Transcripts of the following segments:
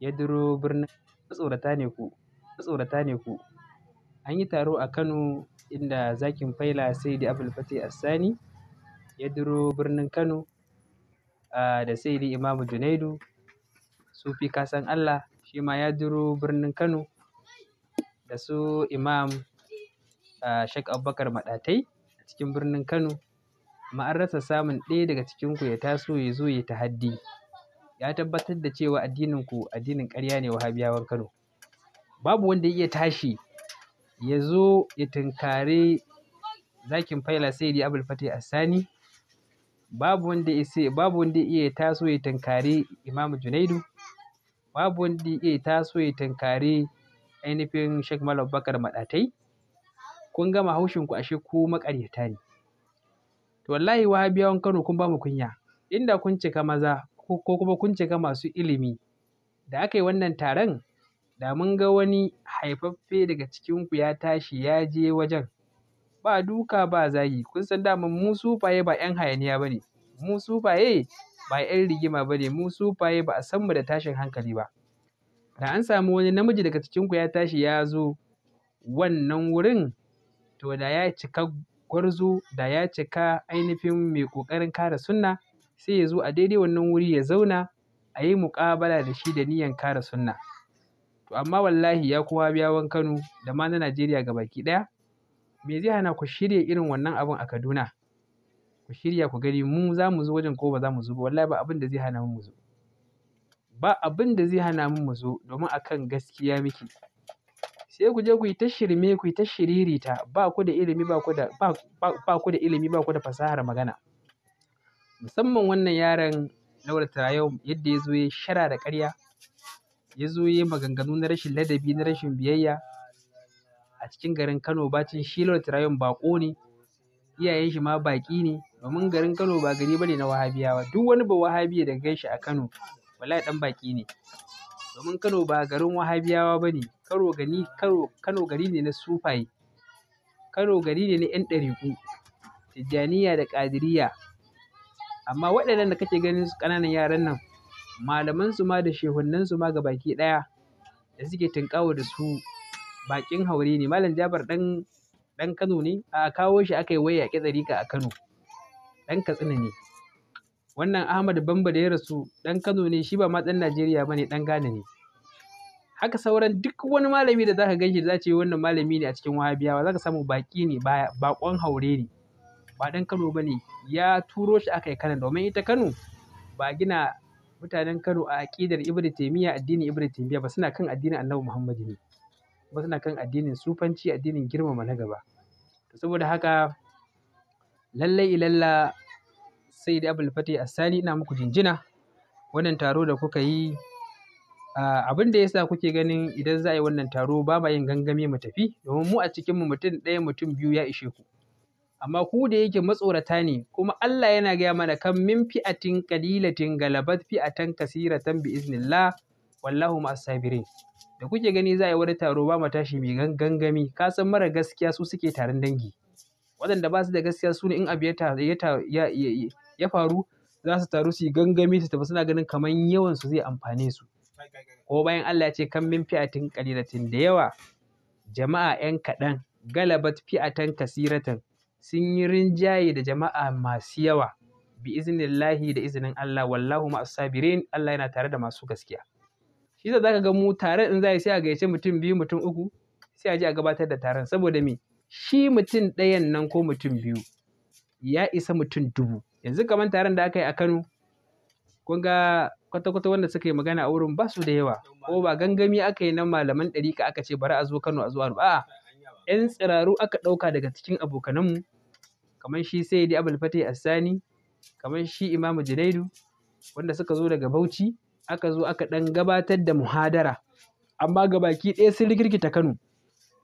ya duro birnin matsorata ne ku, tsorata ne ku. An yi taro a Kano inda zakin faila Saidi Abdulfatah Assani ya duro birnin Kano ah, da Saidi Imamu Junaidu. Sufi Kasan Allah shi ma ya duro birnin Kano da su Imam Sheikh Abubakar Maɗatai a cikin birnin Kano. ma'an rasa samun ɗaya daga cikin ku ya taso ya zo ya ta haddi. ya tabbatar da cewa addinin ku addinin ƙarya ne wahabiyawan Kano babu wanda ya iya tashi ya zo ya tunkare zakin faila sai da abul fatih asani babu wanda ya babu wanda iya taso ya tunkare imamu junaidu babu wanda iya taso ya tunkare ainihin Sheikh Malam Bakar Madatai kun gama haushin ku ashe ku makaryata ne to wallahi wahabiyawan Kano kun ba mu kunya inda kun cika maza ko kuma kun cika masu ilimi. Da aka yi wannan taron, da mun ga wani haifaffe daga cikinku ya tashi ya je wajen. Ba duka ba zagi, kun san daman mu sufaye ba 'yan hayaniya ba ne, mu sufaye ba 'yan rigima ba ne, mu sufaye ba a san mu da tashin hankali ba. Da an samu wani namiji daga cikinku ya tashi ya zo wannan wurin, to da ya cika gwarzo, da ya cika ainihin mai ƙoƙarin kare sunna. sai ya zo a daidai wannan wuri ya zauna a yi muƙabala da shi da niyan kara sunna. To amma wallahi ya kowa biyawan Kano da ma na Najeriya ga baki ɗaya, me zai hana ku shirya irin wannan abin a Kaduna? Ku shirya ku gani mu za mu zo wajen ko ba za mu zo ba wallahi ba abin da zai hana mu mu zo. Ba abin da zai hana mu mu zo domin akan gaskiya muke. Sai ku je ku yi ta shirme ku yi ta shiririta da ilimi ba ba ku da ilimi ba ku da fasahar magana. musamman wannan yaron Lawal Traore yadda ya zo ya shara da ƙarya ya zo ya maganganu na rashin ladabi na rashin biyayya a cikin garin Kano bacin shi Lawal Traore baƙo ne iyayen shi ma baƙi ne domin garin Kano ba gari bane na Wahabiyawa duk wani ba Wahabiya da gaishe a Kano wallahi dan baƙi ne domin Kano ba garin Wahabiyawa bane Kano gani Kano Kano gari ne na sufaye Kano gari ne na 'yan ɗari'u Tijjaniya da ƙadiriya amma waɗannan da kake ganin su ƙananan yaran nan malaman su ma da shehunnan su ma ga baki ɗaya da suke tunƙawa da su bakin haure ne malam jabar ɗan ɗan kano ne a kawo shi aka yi waya ƙi a kano ɗan katsina ne wannan ahmad bamba da ya rasu ɗan kano ne shi ba ma ɗan najeriya ba ne ɗan ghana ne haka sauran duk wani malami da zaka gan shi da za ce wannan malami ne a cikin wahabiyawa zaka samu baki ne baƙon haure ne ba ɗan Kano ba ne, ya turo shi aka yi Kano domin ita Kano ba gina mutanen Kano a aƙidar Ibn Taymiyyah addinin Ibn Taymiyyah ba suna kan addinin Annabi Muhammad ne. ba suna kan addinin sufanci, addinin girmama na gaba. Saboda haka lallai ilalla sai da Abul Fati sani ina muku jinjina wannan taro da kuka yi abin da yasa kuke ganin idan za a yi wannan taro ba ma yin gangami mu tafi domin mu a cikin mu mutum ɗaya mutum biyu ya ishe ku. amma ku da yake matsorata ne kuma Allah yana gaya mana kan min fi'atin qalilatin galabat fi'atan kasiratan bi iznillah wallahu ma'asabirin sabirin da kuke gani za a yi wani taro ba matashi mai gangami ka san mara gaskiya su suke taron dangi waɗanda ba su da gaskiya su ne in abu ya faru za su taru su yi gangami su tafi suna ganin kamar yawan su zai amfane su ko bayan Allah ya ce kan min fi'atin qalilatin da yawa jama'a 'yan kaɗan galabat fi'atan kasiratan sun yi rinjaye da jama'a masu yawa bi lahi da izinin Allah wallahu ma'as Allah yana tare da masu gaskiya shi da zaka ga mu tare in zai sai a gayyace mutum biyu mutum uku sai a je a gabatar da taron saboda me shi mutum ɗayan nan ko mutum biyu ya isa mutum dubu yanzu kamar taron da aka yi a Kano kun ga kwata-kwata wanda suka yi magana a wurin basu da yawa ko ba gangami aka yi nan malaman ɗarika aka ce bari a zo Kano a zo a'a 'yan tsiraru aka ɗauka daga cikin abokananmu kamar shi Sayyidi Abul Fatih Assani kamar shi Imamu Junaidu wanda suka zo daga Bauchi aka zo aka ɗan gabatar da muhadara amma ga baki ɗaya sun rikirkita Kano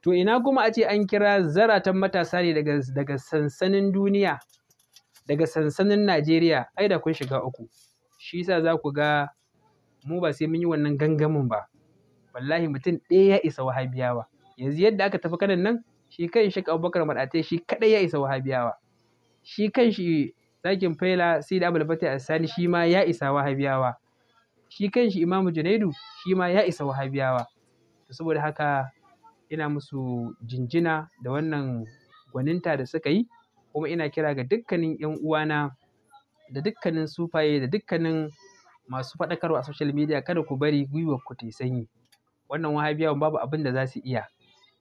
to ina kuma a ce an kira zaratan matasa ne daga daga sansanin duniya daga sansanin Najeriya ai da kun shiga uku shi yasa za ku ga mu ba sai mun yi wannan gangamin ba wallahi mutum ɗaya ya isa wahabiyawa yanzu yadda aka tafi kanin nan shi kan shi Bakar maɗatai shi kaɗai ya isa wahabiyawa shi kan shi zakin faila sai da a Sani shi ma ya isa wahabiyawa shi kan shi imamu junaidu shi ma ya isa wahabiyawa to saboda haka ina musu jinjina da wannan gwaninta da suka yi kuma ina kira ga dukkanin yan uwana da dukkanin sufaye da dukkanin masu faɗakarwa a social media kada ku bari gwiwar ku ta sanyi wannan wahabiyawan babu abin da za su iya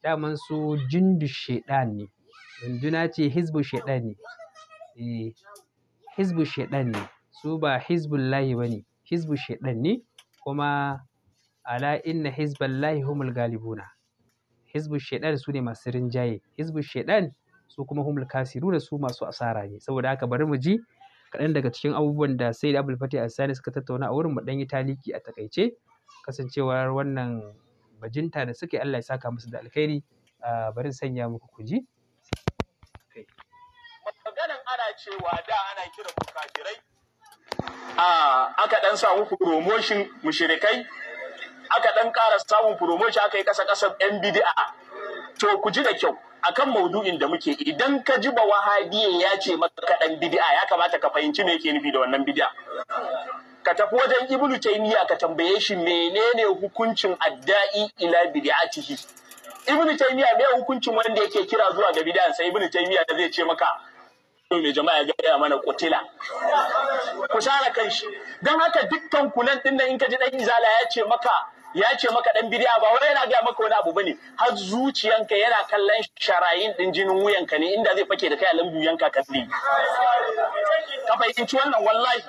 daman su jindu shaidan ne runduna ce hizbu shaidan ne eh hizbu shaidan ne su ba hizbullahi ba ne hizbu shaidan ne kuma ala inna hizballahi humul galibuna hizbu shaidan su ne masu rinjaye hizbu shaidan su kuma humul da su masu asara ne saboda haka bari mu ji kaɗan daga cikin abubuwan da sai da abul fatih Sani suka tattauna a wurin mu ɗan yi taliki a takaice kasancewar wannan bajinta da suka yi Allah ya saka musu da alkhairi bari sanya muku kuji maganan ana cewa da ana kira ku kafirai aka dan samu promotion mushrikai aka dan ƙara samun promotion aka yi kasa kasa yan to ku ji da kyau akan maudu'in da muke idan ka ji ba wahabiye ya ce maka dan bid'a ya kamata ka fahimci me yake nufi da wannan bid'a ka tafi wajen ibnu taymiya ka tambaye shi menene hukuncin adda'i ila bid'atihi ibnu taymiya me hukuncin wanda yake kira zuwa ga bid'a sai ibnu taymiya zai ce maka me jama'a ya gaya mana kutila ku share shi dan haka dukkan kulan din nan in ka ji dan izala ya ce maka ya ce maka dan bidiya ba wai yana gaya maka wani abu bane har zuciyanka yana kallon sharayin ɗin jinin wuyanka ne inda zai fake da kai a lambu yanka ka tsaye ka fahimci wannan wallahi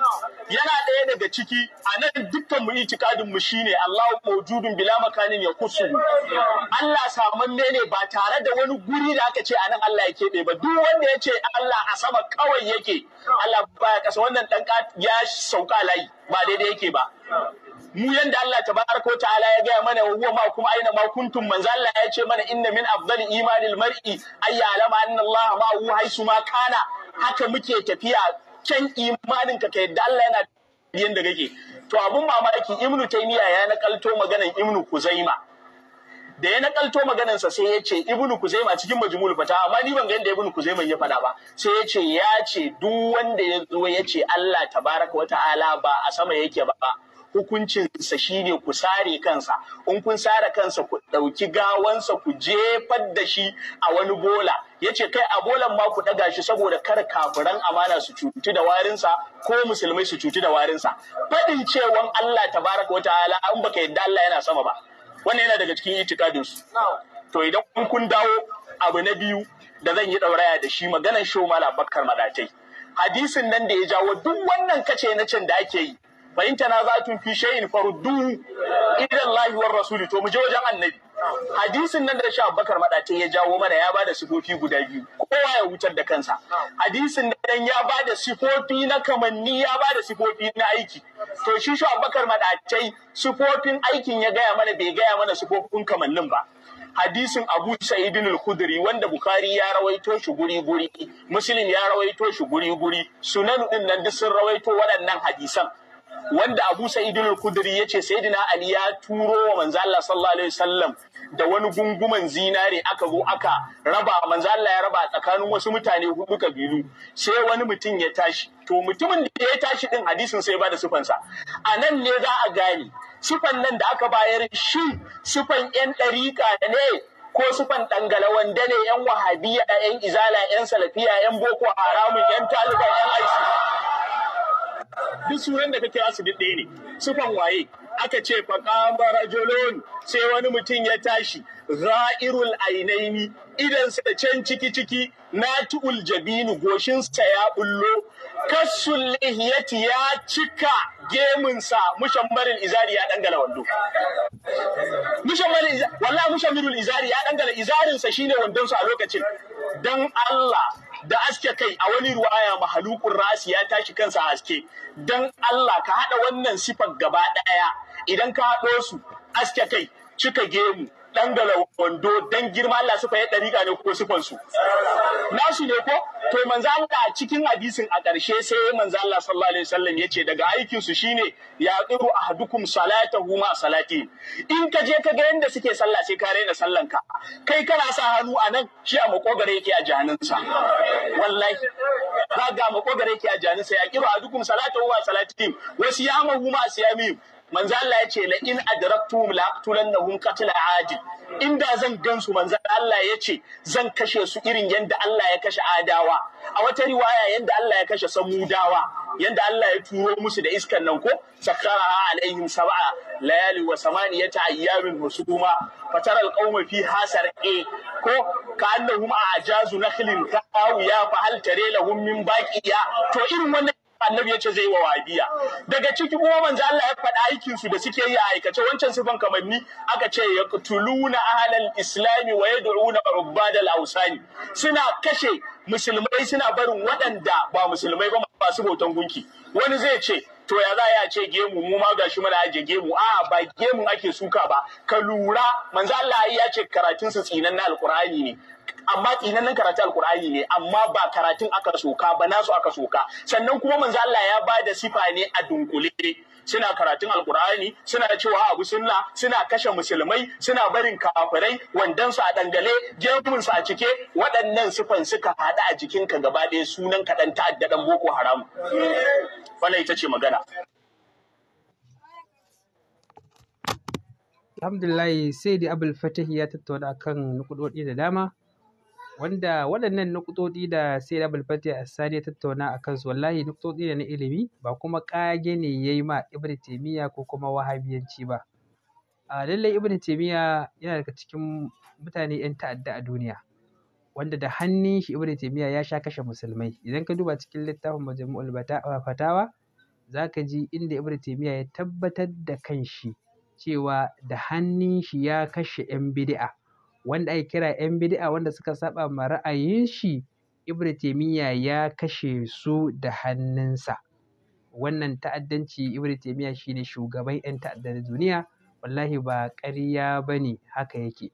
yana ɗaya daga ciki a nan dukkan mu itikadin mu shine Allah mawjudun bila makanin ya kusu Allah samanne ne ba tare da wani guri da aka ce a nan Allah ya keɓe ba duk wanda ya ce Allah a sama kawai yake Allah baya kasa wannan ɗan ya sauka layi ba daidai yake ba mu yanda Allah tabaraka wa ta'ala ya gaya mana wa ma kuma aina ma kuntum manzo Allah ya ce mana inna min afdali imanil mar'i ay ya'lama anna Allah ma huwa haisu ma kana haka muke tafiya can imanin ka yadda Allah yana yanda kake to abun mamaki ibnu taymiya ya nakalto maganan ibnu kuzaima da ya nakalto sa sai ya ce ibnu kuzaima cikin majmul fata amma ni ban ga yadda ibnu kuzaima ya fada ba sai ya ce ya ce duk wanda ya zo ya ce Allah tabaraka wa ta'ala ba a sama yake ba hukuncinsa shi ne ku sare kansa in kun sare kansa ku ɗauki gawansa ku jefar da shi a wani bola ya ce kai a bolan ma ku ɗaga shi saboda kar kafiran amana su cutu da warinsa ko musulmai su cutu da warinsa faɗin cewan Allah ta baraka wata ta'ala an baka yadda Allah yana sama ba wannan yana daga cikin itikadin to idan kun dawo abu na biyu da zan yi ɗauraya da shi maganan shomala bakar madatai hadisin nan da ya jawo duk wannan kace na can da ake yi fa in tun fi shay'in faruddu ila Allah war to mu je wajen annabi hadisin nan da Shehu Abubakar Madace ya jawo mana ya bada sifofi guda biyu kowa ya wutar da kansa hadisin nan ya bada sifofi na kamanni ya bada sifofi na aiki to shi Shehu Abubakar Madace sifofin aikin ya gaya mana bai gaya mana sifofin kamannin ba hadisin Abu Sa'idin al-Khudri wanda Bukhari ya rawaito shi guri-guri, Muslim ya rawaito shi guri-guri, Sunan din nan duk sun rawaito waɗannan hadisan. wanda Abu kudri ya ce, yace Sayyidina Ali ya turo wa manzo Allah sallallahu alaihi wasallam da wani gunguman zinare aka zo aka raba manzo Allah ya raba tsakanin wasu mutane hudu kabilu sai wani mutum ya tashi to mutumin da ya tashi din hadisin sai ba da sufansa a nan ne za a gane sufan nan da aka bayar shi sufan yan ɗarika ne ko sufan ɗangalawan da ne yan wahabiya yan izala yan salafiya yan boko haramun yan taliban yan aiki duk sunan da kake su ɗaya ne sufan waye aka ce faƙa jolon sai wani mutum ya tashi ra'irul ainaini idansa da can ciki ciki na tu'ul jabinu goshinsa ya bullo kassul lihiyati ya cika geminsa mushammarin izari ya dangala wando mushammarin izari wallahi izari ya dangala izarinsa shine wandonsa a lokacin dan Allah da aske kai a wani ruwaya mahalukun rasi ya tashi kansa haske don Allah ka haɗa wannan sifar gaba ɗaya idan ka haɗo su aske kai cika gemu dangala wando dan girma Allah sufa ya dariƙa ne ko sufan su Nasu ne ko to manzo Allah cikin hadisin a ƙarshe sai manzo Allah sallallahu alaihi wasallam yace daga aikin su shine ya diru ahadukum salatahu ma salati in ka je ka ga yanda suke sallah sai ka raina sallan ka kai kana sa hannu a nan shi a makogare yake a jahanninsa wallahi kaga makogare yake a jahanninsa ya kiru ahadukum salatahu ma salati wasu yamahu ma siyamim manzo Allah ya ce la in na la aqtulannahum qatl adil inda zan gansu manzo Allah ya ce zan kashe su irin yanda Allah ya kashe adawa a wata riwaya yanda Allah ya kashe samudawa yanda Allah ya turo musu da iskan nan ko sakara alaihim sab'a layali wa samaniyata ayyamin husuma fatara alqawma fi hasar ko ka annahum ajazu nakhlin kawiya fa hal tare lahum min baqiya to irin wannan annabi ya ce zai wa wabiya daga ciki kuma manzo Allah ya faɗa aikin su da suke yi a aikace wancan sifan kamanni aka ce ya na ahlal islami wa yad'una rubbadal ausani suna kashe musulmai suna barin waɗanda ba musulmai ba masu bautan gunki wani zai ce to ya za a ce gemu mu ma gashi mana aje gemu a ba gemu ake suka ba ka lura manzo Allah ya ce karatun su tsinan na alqur'ani ne amma tsinanin karatu alkur'ani ne amma ba karatun aka soka ba nasu aka soka sannan kuma manzo Allah ya ba da sifa ne a dunkule suna karatun alkur'ani suna cewa abu sunna suna kashe musulmai suna barin kafirai wandansu a dangale gemunsu a cike waɗannan sifan suka haɗu a jikinka gaba ɗaya sunan ka dan ta'adda ɗan boko haram wannan ita ce magana alhamdulillah sai da abul fatahi ya tattauna akan nukudodi da dama wanda waɗannan nukutoɗi da sai da balfati a sani ya tattauna a kansu wallahi nukutoɗi ne na ilimi ba kuma ƙage ne ya yi ma ibn taimiyya ko kuma wahabiyanci ba a lallai ibn taimiyya yana daga cikin mutane 'yan ta'adda a duniya wanda da hannun shi ibn taimiyya ya sha kashe musulmai idan ka duba cikin littafin majmu'ul fatawa za ka ji inda ibn taimiyya ya tabbatar da kanshi cewa da hannun shi ya kashe 'yan bid'a wanda ake kira ‘yan bid'a wanda suka saba ma ra'ayin shi ibn ya kashe su da hannunsa wannan ta'addanci ibn shine shugaban ‘yan ta'addan duniya wallahi ba ƙarya bane haka yake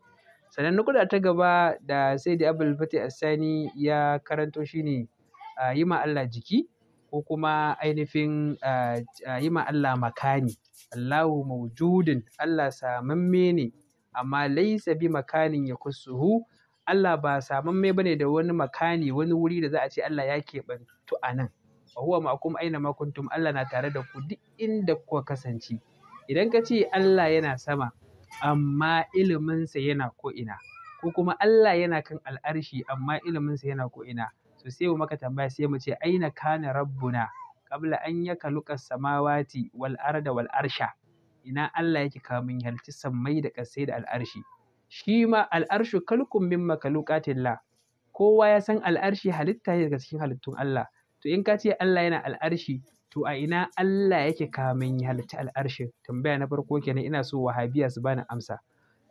sannan kuda ta gaba da sai da abul fati asani ya karanto shine a yi ma Allah jiki ko kuma ainihin a yi ma Allah makani Allahu mawjudin Allah samamme ne amma laisa bi makanin ya kusuhu Allah ba saman mai bane da wani makani wani wuri da za a ce Allah ya keɓantu a nan wa huwa ma'akum aina ma Allah na tare da ku duk inda kuka kasance idan ka ce Allah yana sama amma iliminsa yana ko'ina ko kuma Allah yana kan al'arshi amma iliminsa yana ko'ina to sai mu maka tambaya sai mu ce aina kana rabbuna kabla an yakaluka samawati wal arda wal arsha ina Allah yake kamun halci sammai da ƙasai da al'arshi shi ma al'arshu kalkun min la kowa ya san al'arshi halitta ne daga cikin halittun Allah to in ka ce Allah yana al'arshi to a ina Allah yake kamun ya halitta al'arshin tambaya na farko kenan ina so wahabiya su bani amsa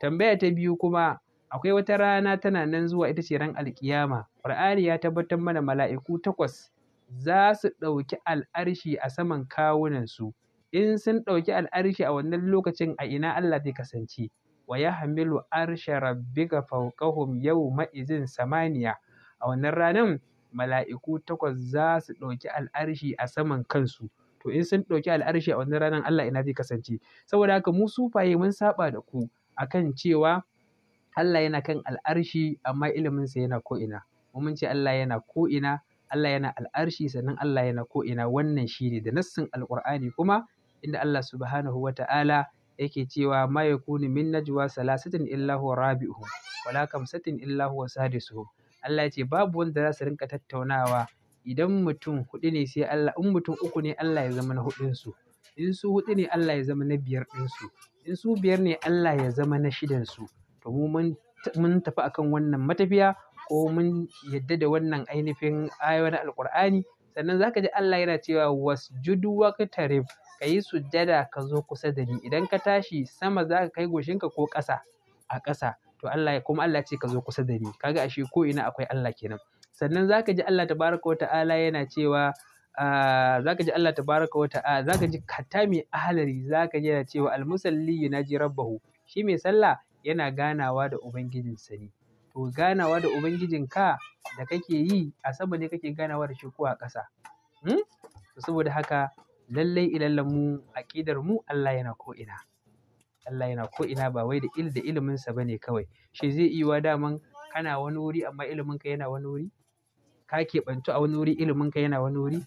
tambaya ta biyu kuma akwai wata rana tana nan zuwa ita ce ran alkiyama qur'ani ya tabbatar mana mala'iku takwas za su ɗauki al'arshi a saman kawunan su. in sun ɗauki al'arshi a wannan lokacin a ina Allah zai kasance wa ya hamilu rabbi ga fawqahum yau ma’izin samaniya a wannan ranar, mala'iku takwas za su ɗauki al'arshi a saman kansu to in sun ɗauki al'arshi a wannan ranar Allah ina zai kasance saboda haka mu sufaye mun saba da ku akan cewa Allah yana kan al'arshi amma sa yana ko'ina mun ce Allah yana ko'ina Allah yana al'arshi sannan Allah yana ko'ina wannan shi ne da nassin alƙur'ani kuma inda Allah subhanahu wa ta'ala yake cewa ma kuni min najwa salasatin illa Rabi'u, wala kamsatin illa huwa sadisuhum Allah ya ce babu wanda za su rinka tattaunawa idan mutum hudu ne sai Allah in mutum uku ne Allah ya zama na hudun in su hudu ne Allah ya zama na biyar din in su biyar ne Allah ya zama na shidan su to mu mun tafi akan wannan matafiya ko mun yadda da wannan ainihin ayoyin alkur'ani sannan zaka ji Allah yana cewa wasjudu waqtarib ka yi sujjada ka zo kusa da ni idan ka tashi sama za ka kai goshinka ko ƙasa a ƙasa to Allah kuma Allah ce ka zo kusa da ni kaga ashe ko ina akwai Allah kenan sannan za ka ji Allah tabaraka wa ta'ala yana cewa za ka ji Allah tabaraka wa ta'ala ka ji katami mai za ka ji yana cewa almusalli yunaji rabbahu shi mai sallah yana ganawa da ubangijinsa ne to ganawa da ubangijin ka da kake yi a sama ne kake ganawa da shi ko a ƙasa hmm? saboda haka lallai ilallan mu aƙidar mu Allah yana ko'ina. Allah yana ko'ina ba wai da il da iliminsa ba ne kawai. Shi zai iya wa daman kana wani wuri amma iliminka yana wani wuri? Ka ke bantu a wani wuri iliminka yana wani wuri?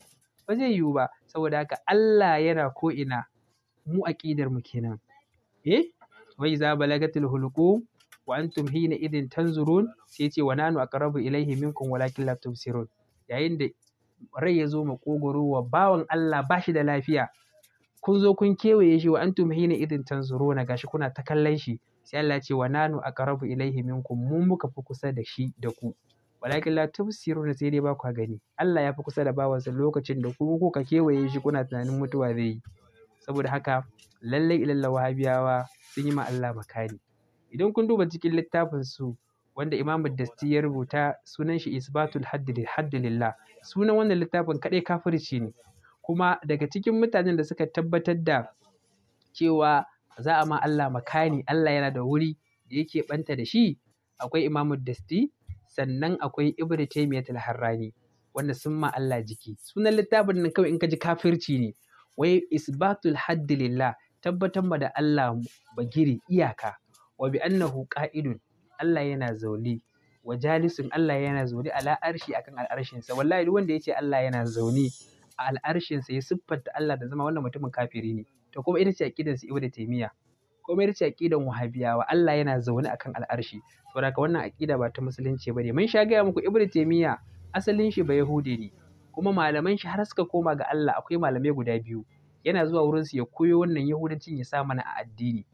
Ba zai yiwu ba, saboda haka Allah yana ko'ina mu aƙidar mu kenan. Eh? Wai za balagatul hulqum wa antum hina idin tanzurun sai ce wa nanu aqrabu ilaihi minkum walakin la tubsirun. Yayin da rai ya zo kogoro wa bawan Allah ba shi da lafiya kun zo kun kewaye shi wa antum hina idin na gashi kuna ta kallon shi sai Allah ce wa nanu aqrabu ilaihi minkum mu muka fi kusa da shi da ku walakin la na sai dai ba ku gani Allah ya fi kusa da bawansa lokacin da ku kuka kewaye shi kuna tunanin mutuwa zai yi saboda haka lallai ilalla wahabiyawa sun yi ma Allah makari idan kun duba cikin littafin su wanda Imam Dasti ya rubuta sunan shi Isbatul Haddi lillah sunan wannan littafin kaɗai kafirci ne kuma daga cikin mutanen da suka tabbatar da cewa za a ma Allah makani Allah yana da wuri da yake ɓanta da shi akwai Imamu Dasti sannan akwai Ibn Taymiyyah al-Harrani wanda sun ma Allah jiki sunan littafin nan kawai in ka ji kafirci ne wai isbatul haddi lillah tabbatar ma da Allah bagiri iyaka wa bi annahu qa'idun Allah yana zaune wa jalisun Allah yana zaune ala arshi akan al'arshinsa wallahi duk wanda yace Allah yana zaune a al'arshinsa ya siffanta Allah da zama wannan mutumin kafiri ne to kuma ita ce kidan su Ibn Taymiyyah kuma ita ce aqidar Wahabiyawa Allah yana zaune akan al'arshi saboda wannan akida ba ta musulunci ne. mun sha gaya muku Ibn asalin shi ba Yahudi ne kuma malaman shi har suka koma ga Allah akwai malamai guda biyu yana zuwa wurin su ya koyo wannan Yahudancin ya sa mana a addini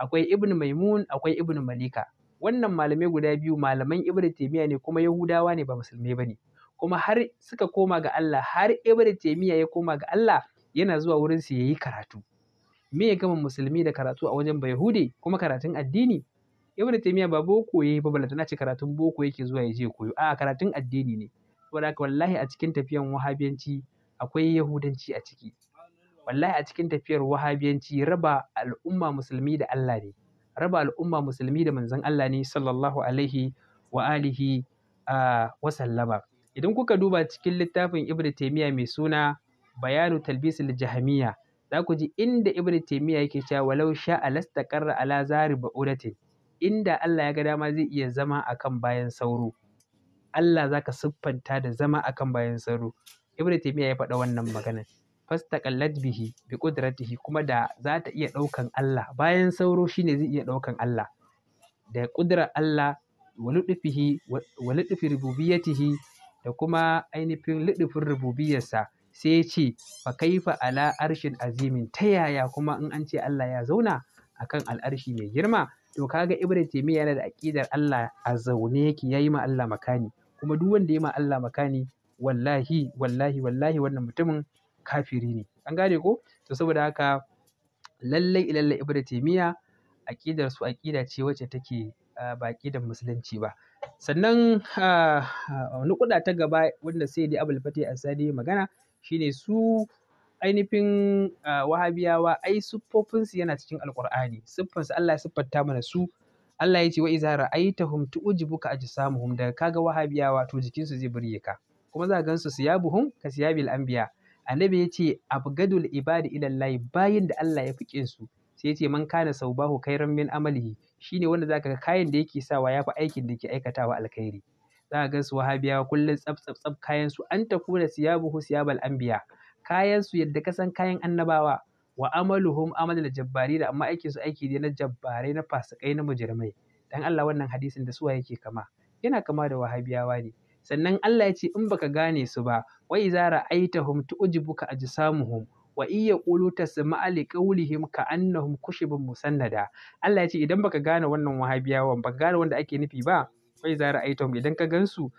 akwai ibnu Maimun akwai ibnu Malika wannan malamai guda biyu malaman ibn taymiya ne kuma yahudawa ne ba musulmai ne. kuma har suka koma ga Allah har ibn taymiya ya koma ga Allah yana zuwa wurin su yayi karatu me ya gama musulmi da karatu a wajen yahudi kuma karatun addini ibn taymiya ba boko yayi ba balantana ce karatun boko yake zuwa ya je koyo a karatun addini ne saboda wallahi a cikin tafiyan wahabiyanci akwai yahudanci a ciki wallahi a cikin tafiyar wahabiyanci raba al'umma musulmi da Allah ne raba al'umma musulmi da manzon Allah ne sallallahu alaihi wa alihi wa sallama idan kuka duba cikin littafin Ibn Taymiyyah mai suna Bayanu al Jahmiyyah za ku ji inda Ibn Taymiyyah yake cewa walau sha qarra ala zari ba'udati inda Allah ya ga dama zai iya zama akan bayan sauro Allah zaka siffanta da zama akan bayan sauro Ibn Taymiyyah ya faɗa wannan magana fastaqallat bihi bi qudratihi kuma da za ta iya ɗaukan Allah bayan sauro shine zai iya ɗaukan Allah da ƙudurar Allah wa luɗufihi da kuma ainihin luɗufin rububiyarsa sai ce fa kaifa ala arshin azimin ta yaya kuma in an ce Allah ya zauna akan al'arshi mai girma to kaga Ibrahim Taymiya yana da aqidar Allah a zaune yake yayi ma Allah makani kuma duk wanda ya ma Allah makani wallahi wallahi wallahi wannan mutumin kafiri ne. An gane ko? To saboda haka lallai ilalla Ibnu Taymiyya su aƙida ce wacce take ah, ba da Musulunci ba. Sannan ah, wani kuɗa ta gaba wanda dai Abul Fati as magana shine su ainihin ah, Wahabiyawa ai siffofinsu yana cikin Alqur'ani. Siffansu Allah ya siffanta mana su. Allah ya ce wa iza ra'aytahum tu'jibuka ajsamuhum da kaga Wahabiyawa to jikinsu zai burge ka. Kuma za ka gansu siyabuhum ka siyabil anbiya. annabi ya ce abgadul ibadi ilallahi bayin da Allah ya fi su sai ya ce man kana saubahu khairan min amalihi shine wanda zaka ga kayan da yake sawa yafi aikin da yake aikatawa alkhairi zaka ga su wahabiyawa kullum tsaf tsaf tsaf kayan su an takuna siyabuhu siyabal anbiya kayan su yadda ka san kayan annabawa wa amaluhum da jabbari da amma aikin su aiki ne na jabbarai na fasikai na mujrimai dan Allah wannan hadisin da suwa yake kama yana kama da wahabiyawa ne sannan Allah ya ce in baka gane su ba wa iza ra'aitahum tu'jibuka ajsamuhum wa iya qulu tasma'a li qawlihim ka annahum kushibun musannada Allah ya ce idan baka gane wannan wahabiyawan baka gane wanda ake nufi ba wa iza ra'aitahum idan ka gansu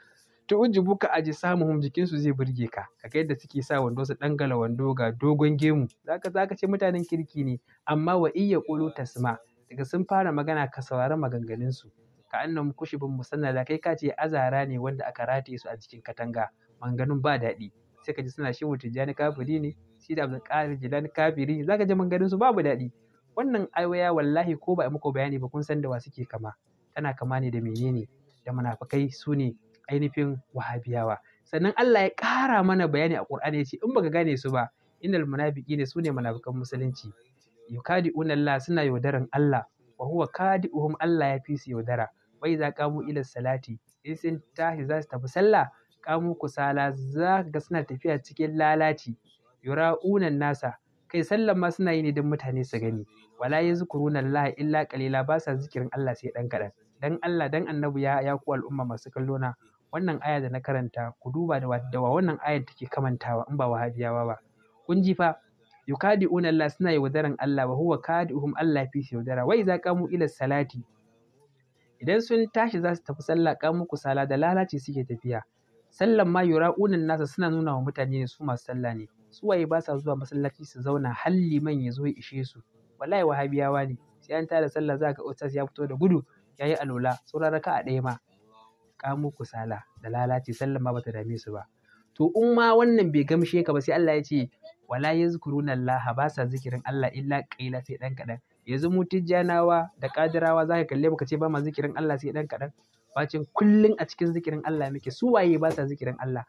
aji samuhum jikin su zai burge ka kaga yadda suke sa wando su dangala wando ga dogon gemu zaka zaka ce mutanen kirki ne amma wa iya qulu tasma daga sun fara magana ka saurari maganganun su ka annahum musanna da kai ka ce azara ne wanda aka rataye su a cikin katanga manganun ba daɗi sai ka ji suna shi mutum jani kafiri ne shi da abdul qadir jilani kafiri ne zaka ji ganin su babu daɗi wannan aiwaya wallahi ko ba a muku bayani ba kun san da wa suke kama tana kama ne da menene da munafikai su ne ainihin wahabiyawa sannan Allah ya ƙara mana bayani a Qur'ani ya ce in baka gane su ba innal munafiqina sune munafikan musulunci yukadi Allah suna yaudaran Allah wahuwa kadi uhun Allah ya fi su yaudara wa idza kamu ila salati in sun tashi za su tafi sallah qamu kusala za ga suna tafiya cikin lalaci yura'unan nasa kai sallan ma suna yi ne don mutane su gani wala yazkuruna Allah illa kalila ba sa zikirin Allah sai ɗan kaɗan. dan Allah dan annabi ya ya al'umma masu kallo na wannan aya da na karanta ku duba da wa wannan ayar take kamantawa in ba wahabiyawa ba kun ji fa yukadi'una Allah suna yaudaran Allah wa huwa kadi'uhum Allah fi yaudara wai za kamu ila salati idan sun tashi za su tafi sallah ku sala da lalaci suke tafiya sallan ma yura'unan nasa suna nuna wa mutane su masu sallah ne su waye ba sa zuwa masallaci su zauna halli man ya zo ya ishe su wallahi wahabiyawa ne sai an tada sallah za ka ustaz ya fito da gudu ya yi alola sauran raka a ɗaya ma ku sala da lalaci sallan ma ba ta dame su ba to in ma wannan bai gamshe ka ba sai Allah ya ce wala yazkuruna Allah ba sa zikirin Allah illa qaila sai dan kadan yanzu mu tijjanawa da kadirawa zaka kalle baka ce ba ma zikirin Allah sai dan kadan bacin kullum a cikin zikirin Allah muke su waye ba sa zikirin Allah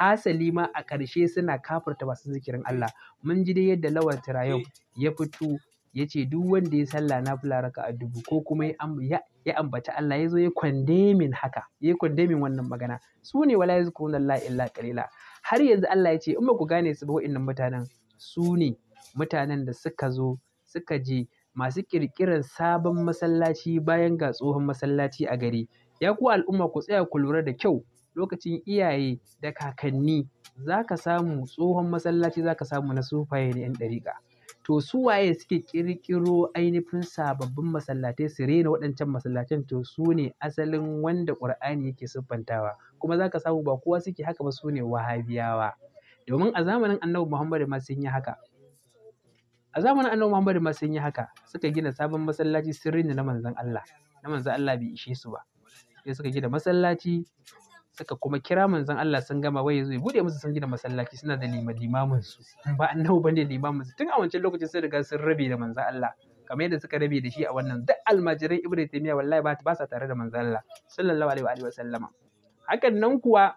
hasali ma a ƙarshe suna kafirta masu zikirin Allah mun ji dai yadda lawar tirayau ya fito ya ce duk wanda ya sallah na fula raka a dubu ko kuma ya ambaci Allah ya zo ya kwandemin haka ya kwandemin wannan magana su ne wala na Laha illa ƙalila har yanzu Allah ya ce in ba ku gane su ba wa'innan mutanen su ne mutanen da suka zo suka je masu ƙirƙirar sabon masallaci bayan ga tsohon masallaci a gari ya ku al'umma ku tsaya ku lura da kyau lokacin iyaye da kakanni za ka samu tsohon masallaci za ka samu na sufaye na 'yan ɗariƙa to su waye suke ƙirƙiro ainihin sababbin masallatai su rena waɗancan masallatan to su ne asalin wanda ƙur'ani yake siffantawa kuma zaka samu ba kowa suke haka ba su ne wahabiyawa domin a zamanin annabi muhammadu ma sun yi haka a zamanin annabi muhammadu ma sun yi haka suka gina sabon masallaci sun rena na manzon Allah na manzon Allah bai ishe su ba sai suka gina masallaci suka kuma kira manzon Allah sun gama waye zai bude musu sun gina masallaci suna da limamin su ba annabi bane limamin su tun a wancan lokacin sai riga sun rabe da manzon Allah kamar yadda suka rabe da shi a wannan duk almajirai ibnu taymiya wallahi ba ba sa tare da manzon Allah sallallahu alaihi wa alihi hakan nan kuwa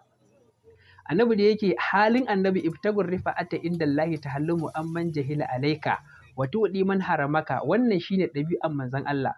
annabi da yake halin annabi ibtagur rifa'ata inda Allah tahallumu amman jahila alaika wa tuɗi man haramaka wannan shine ɗabi'an manzon Allah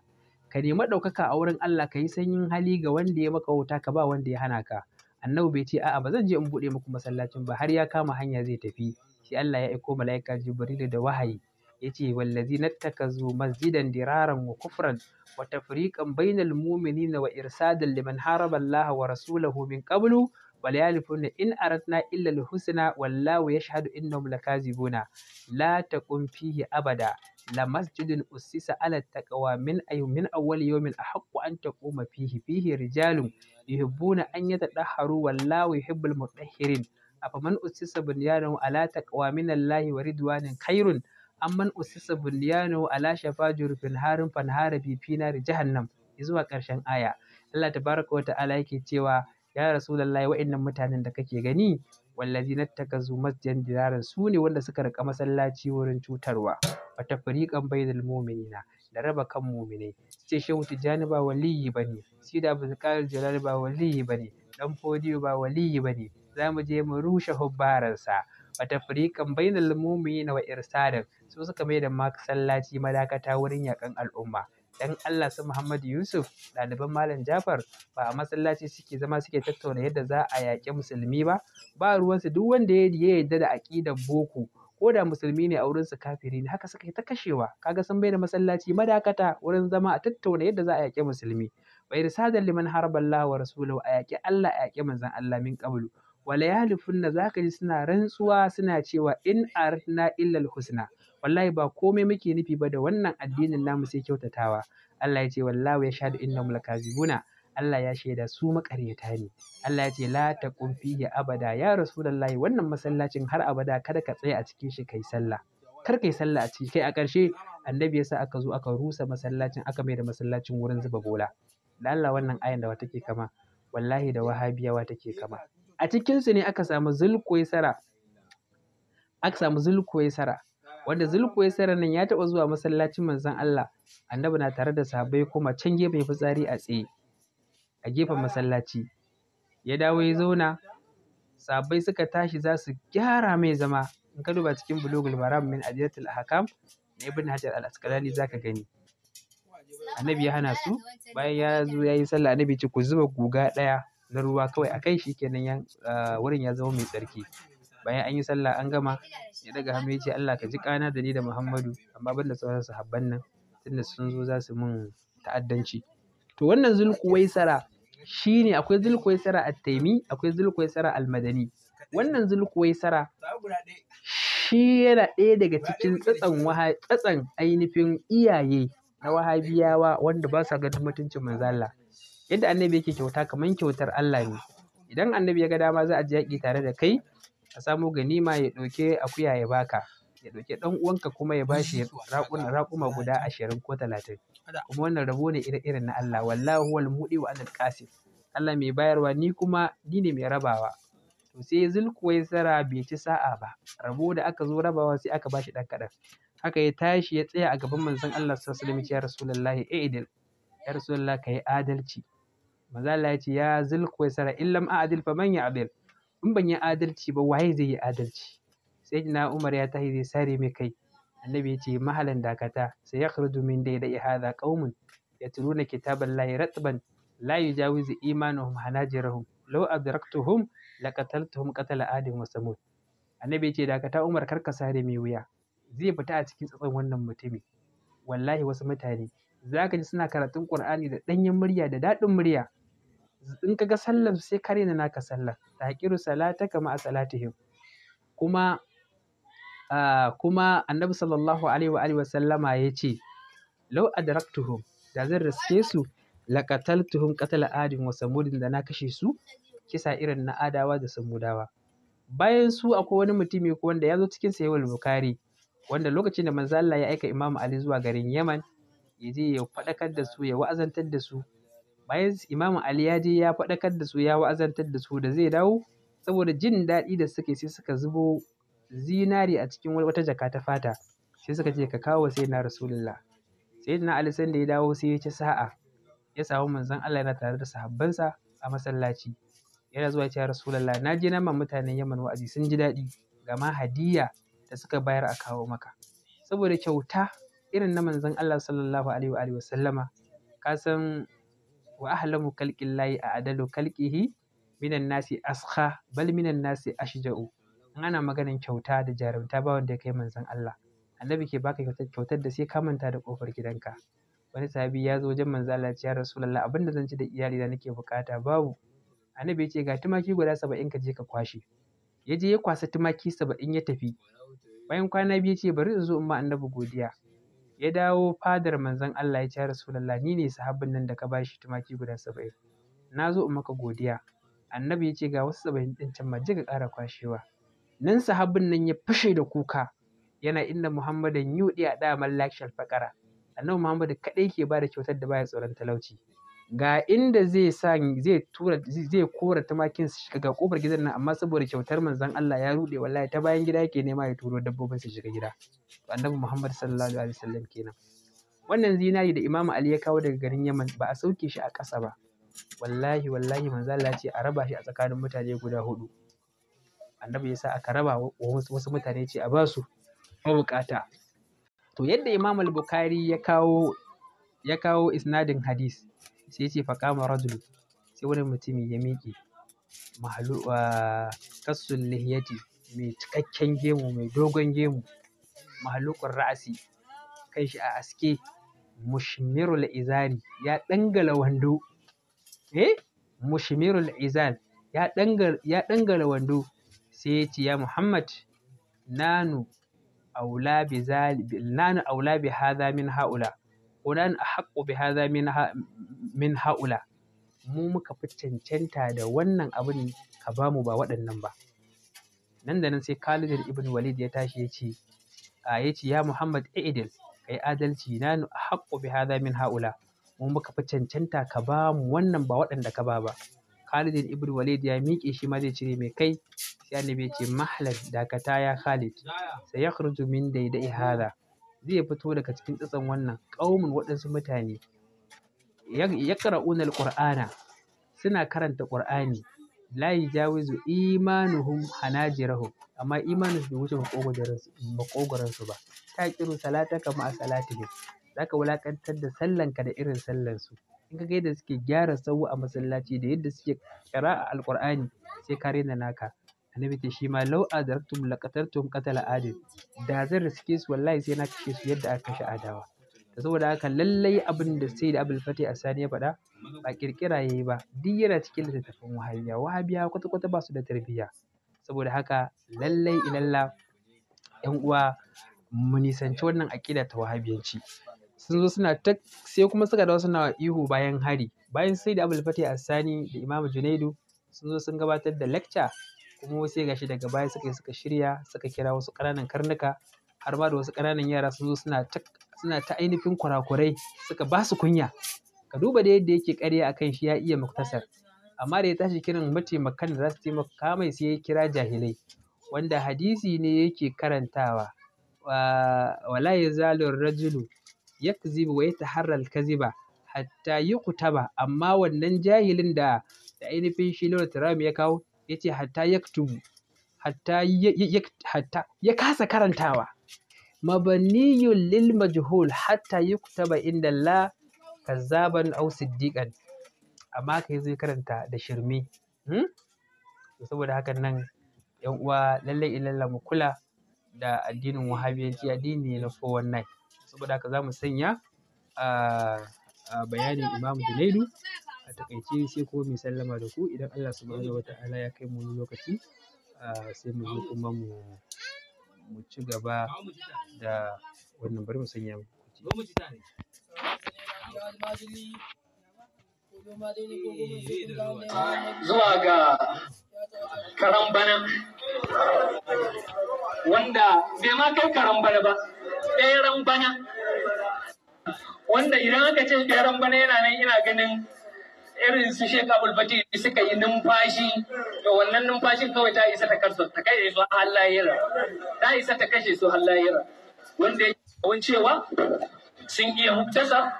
ka nemi ɗaukaka a wurin Allah ka yi sanyin hali ga wanda ya maka wuta ka ba wanda ya hana ka annabi bai ce a'a ba zan je in buɗe muku masallacin ba har ya kama hanya zai tafi sai Allah ya aiko mala'ika Jibrilu da wahayi yace wallazi nattakazu masjidan diraran wa kufran wa tafriqan bainal mu'minina wa irsadan liman haraba Allah wa rasulahu min qablu wala yalifuna in aradna illa alhusna wallahu yashhadu innahum lakazibuna la taqum fihi abada la masjidun ussisa ala taqwa min ay min awwal yawmin ahaqqu an taquma fihi fihi rijalun yuhibbuna an yatadahharu wallahu yuhibbul mutahhirin afaman ussisa bunyanahu ala taqwa min allahi wa ridwanin khairun amman ussisa bunyanahu ala shafa jurfin harin fanhara bifina jahannam zuwa ƙarshen aya Allah ta wa ta'ala yake cewa ya rasulullahi wa'annan mutanen da kake gani wallazi nattakazu masjidan diraran su ne wanda suka rika masallaci wurin cutarwa wa tafriqan bainal mu'minina da raba kan mu'minai sai shehu tijani ba waliyi bane sida bin qadir jalal ba waliyi bane dan fodiyo ba waliyi bane zamu je mu rushe sa wa tafriqan bainal mu'minina wa irsadan su suka mai da masallaci madakata wurin yakan al'umma dan Allah su Muhammad Yusuf ɗaliban Malam Jafar ba a masallaci suke zama suke tattauna yadda za a yaƙi musulmi ba ba ruwansu duk wanda ya yarda da aƙidar boko ko da musulmi ne a wurin su kafiri ne haka suka yi ta kashewa kaga sun bai da masallaci madakata wurin zama a tattauna yadda za a yaƙi musulmi bai irsadan liman harballahu wa rasulau a yaƙi Allah a yaƙi manzon Allah min qablu wala za ka ji suna rantsuwa suna cewa in na illal husna wallahi ba komai muke nufi ba da wannan addinin namu sai kyautatawa Allah ya ce wallahu ya shahadu innahum lakazibuna Allah ya shaida su makaryata ne Allah ya ce la taqum fihi abada ya rasulullahi wannan masallacin har abada kada ka tsaya a cikin shi kai sallah kar kai sallah a ciki kai a ƙarshe annabi ya sa aka zo aka rusa masallacin aka mai da masallacin wurin zuba bola da Allah wannan ayin da wa take kama wallahi da wahabiyawa take kama a cikinsu ne aka samu zulkwaisara aka samu zulkuwaisara wanda zulkwaisara nan ya taɓa zuwa masallacin manzon Allah annabi na tare da sahabbai kuma can mai fitsari a tsaye a gefen masallaci ya dawo ya zauna sahabbai suka tashi za su gyara mai zama in ka duba cikin bulugul maram min ajiyatul ahkam na ibn hajar al asqalani zaka gani annabi ya hana su bayan ya zo ya yi sallah annabi ce ku zuba guga ɗaya na ruwa kawai a kai shi kenan ah, wurin ya zama mai tsarki bayan an yi sallah an gama ya daga hannu ya ce Allah ka ji kana da ni da Muhammadu amma banda sauran sahabban nan tunda sun zo za su mun ta'addanci to wannan zulkuwaisara shine akwai zulkuwaisara at-taimi akwai zulkuwaisara al-madani wannan zulkuwaisara shi yana ɗaya daga cikin tsatsan tsatsan ainihin iyaye na wahabiyawa wanda ba sa ganin mutuncin manzo yadda annabi yake kyauta kamar kyautar Allah ne idan annabi ya ga dama za a ji yaƙi tare da kai a samo ganima ya ɗauke akuya ya baka ya ɗauke ɗan uwanka kuma ya bashi raƙuma guda ashirin ko talatin kuma wannan rabo ne irin na Allah wallahu wal muɗi wa qasim Allah mai bayarwa ni kuma ni ne mai rabawa to sai tsara bai ci sa'a ba rabo da aka zo rabawa sai aka bashi ɗan kaɗan haka ya tashi ya tsaya a gaban manzon Allah sallallahu alaihi wasallam ya ya rasulullahi ya kai adalci manzo Allah ya ce ya zul qaisara illam a'dil fa man ya'dil in ban yi adalci ba waye zai yi adalci sai na Umar ya tahi zai sare mai kai annabi ya ce mahalan dakata sai ya khrudu min dai da hada qaumun yatluna kitaballahi ratban la yujawizu imanuhum hanajirahum law adraktuhum laqataltuhum qatala adin wa samud annabi ya ce dakata Umar kar ka sare mai wuya zai fita a cikin tsatsan wannan mutumi wallahi wasu mutane za ka ji suna karatun Qur'ani da ɗanyen murya da daɗin murya in ka ga sallar sai ka na naka sallan taqiru salataka ma salatihim kuma kuma annabi sallallahu alaihi wa alihi wa sallama yace law adraktuhum da zan riske su laqataltuhum qatala adin wa samudin da na kashe su kisa irin na adawa da samudawa bayan su akwai wani mutumi ko wanda ya zo cikin sayyid bukari wanda lokacin da manzo Allah ya aika Imam Ali zuwa garin Yaman ya je ya fadakar da su ya wa'azantar da su bayan Imam Ali ya je ya faɗakar da su ya wa'azantar da su da zai dawo saboda jin daɗi da suke sai suka zubo zinari a cikin wata jaka ta fata sai suka ce ka kawo sai na rasulullah sai na Ali da ya dawo sai ya ci sa'a ya samu manzon Allah yana tare da sahabbansa a masallaci yana zuwa ya rasulullah na je na ma mutanen Yaman wa'azi sun ji daɗi gama hadiya da suka bayar a kawo maka saboda kyauta irin na manzon Allah sallallahu alaihi wa sallama ka san wa ahlamu khalqin layi a adalu khalqihi minan nasi askha bal minan nasi ashja'u in ana maganin kyauta da jarumta ba wanda ya kai manzon Allah annabi ke baka kyautar da sai ka manta da kofar gidanka wani sahabi ya zo wajen manzo Allah ya Rasulullah abin da zan ci da iyali da nake bukata babu annabi ya ce ga tumaki guda saba'in ka je ka kwashe ya je ya kwasa tumaki saba'in ya tafi bayan kwana biyu ce bari in zo in ma annabi godiya ya dawo fadar manzon Allah ya ce Rasulullah ni ne sahabbin nan da ka bashi tumaki guda saba'in na zo in maka godiya annabi ya ce ga wasu saba'in ɗin can maje ka ƙara kwashewa nan sahabbin nan ya fashe da kuka yana inda muhammadan yudi a damar lakshar faƙara annabi muhammadu kaɗai ke bada kyautar da baya tsoron talauci ga inda zai sa zai tura zai kora tumakin su shiga ga ƙofar gidan nan amma saboda kyautar manzon Allah ya rude wallahi ta bayan gida yake nema ya turo dabbobin su shiga gida annabi Muhammad sallallahu alaihi wasallam kenan wannan zinari da Imam Ali ya kawo daga garin Yaman ba a sauke shi a ƙasa ba wallahi wallahi manzon Allah ce a raba shi a tsakanin mutane guda hudu annabi sa aka raba wasu mutane ce a basu mabukata to yadda Imam Al-Bukhari ya kawo ya kawo isnadin hadis sai ce kama rajulu sai wani mutumi ya miƙe mahalu a ah, kasul lihiyati mai cikakken gemu mai dogon gemu mahalukun ra'asi kan shi a aske mushmirul izari ya dangala wando eh mushmirul izan ya dangala ya dangala wando sai ya ce ya muhammad nanu aula bi zal nanu aula bi hadha min haula ulan a bi hadha min min haula mu muka fi cancanta da wannan abin ka ba mu ba waɗannan ba nan da nan sai Khalid ibn Walid ya tashi ya ce a ya ce ya Muhammad i'dil kai adalci na ahaqqu bi haza min haula mu muka fi cancanta ka bamu wannan ba waɗanda ka ba ba Khalid ibn Walid ya miƙe shi ma zai cire mai kai sai annabi ya ce mahlal dakata ya Khalid sai yakhruju min daidai hada zai fito daga cikin tsatsan wannan ƙaumin waɗansu mutane ya ƙara'una alƙur'ana suna karanta ƙur'ani layi yujawizu imanuhum hanajirahum amma imanin bai wuce makogoran su ba ta kiru salata kama a Za ka wulakantar da sallanka da irin sallan su in ka ga yadda suke gyara sauwa a masallaci da yadda suke a alƙur'ani sai ka rena naka annabi ce shi ma lau adraktum laqatartum qatala adil da zan riske su wallahi sai na kashe su yadda aka kashe adawa da saboda haka lallai abin da sai da abul a Sani ya faɗa ba kirkira yi ba duk yana cikin littattafan wahabiya wahabiya kwata kwata ba su da tarbiyya saboda haka lallai ilalla yan uwa mu nisanci wannan aƙida ta wahabiyanci sun zo suna ta sai kuma suka dawo suna ihu bayan hari bayan sai da abul a Sani da imamu junaidu sun zo sun gabatar da lecture kuma wasu sai gashi daga baya suka suka shirya suka kira wasu ƙananan karnuka har ma da wasu ƙananan yara sun zo suna ta suna ta ainihin kurakurai suka ba su kunya ka duba da yadda yake ƙarya akan shi ya iya muktasar amma da ya tashi kiran mataimakan da za su taimaka mai sai ya kira jahilai wanda hadisi ne yake karantawa wala yazalu rajulu yakzibu wa yataharra kaziba hatta yuqtaba amma wannan jahilin da da ainihin shi Trump ya kawo ya ce hatta yaktubu hatta ya kasa karantawa mabaniyun lil majhul hatta yuktaba inda la kazzaban aw siddiqan amma kai zai karanta da shirme hmm? saboda hakan nan yan uwa lallai ilalla mu kula da addinin wahabiyanci addini na 419 saboda haka za mu sanya ah, ah, bayanin imamu junaidu a takaice sai kuma mai sallama da ku idan Allah subhanahu wa ta'ala ya kai mu lokaci sai mu zo kuma mu mu ci gaba da wannan bari mu sanya mu zuwa ga karan bana wanda bai ma kai karan bana ba ɗayan bana wanda idan aka ce ɗayan bana yana nan ina ganin irin su sheka bulbati suka yi numfashi to wannan numfashin kawai ta isa ta karsu ta kai su halayira ta isa ta kashe su halayira wanda ya cewa sun iya muktasa